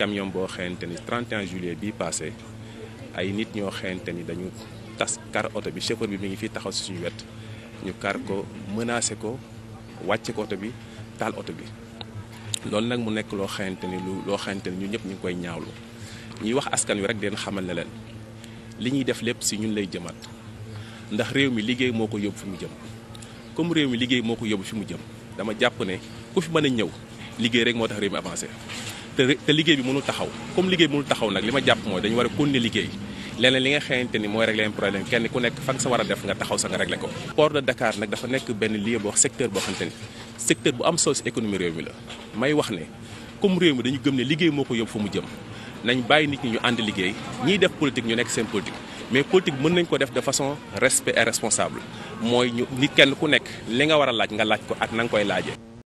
camion boo xamante ni 31 juillet bii passé ay nit ñoo xamante ni dañu tas car oto bi chauffeur bi mu ngi fi taxaw si suñu wet ñu car ko menacé ko wàcce ko oto bi taal oto bi loolu nag mu nekk loo xamante ni lu loo xamante ni ñun ñëpp ñu ngi koy ñaawlu ñuy wax askan wi rek den xamal ne leen li ñuy def lépp si ñun lay jëmaat ndax réew mi liggéey moo ko yóbbu fi mu jëm comme réew mi liggéey moo ko yóbbu fi mu jëm dama jàpp ne ku fi mën a ñëw liggéey rek moo tax réew avancé te te liggéey bi mënul taxaw comme liggéey bi mënul taxaw nag li ma jàpp mooy dañu war a continuer liggéey leneen li nga xamante ni mooy régler problème kenn ku nekk fa nga sa war a def nga taxaw sa nga régler ko. port de Dakar nag dafa nekk benn lieu boo secteur boo xamante ni secteur bu am solo si économie réew la may wax ne comme réew mi dañu gëm ne liggéey moo ko yóbbu fu mu jëm nañ bàyyi nit ñi ñu ànd liggéey ñiy def politique ñu nekk seen politique. mais politique mën nañ ko def de façon respect et responsable mooy ñu nit kenn ku nekk li nga war a laaj nga laaj ko at na nga koy laajee.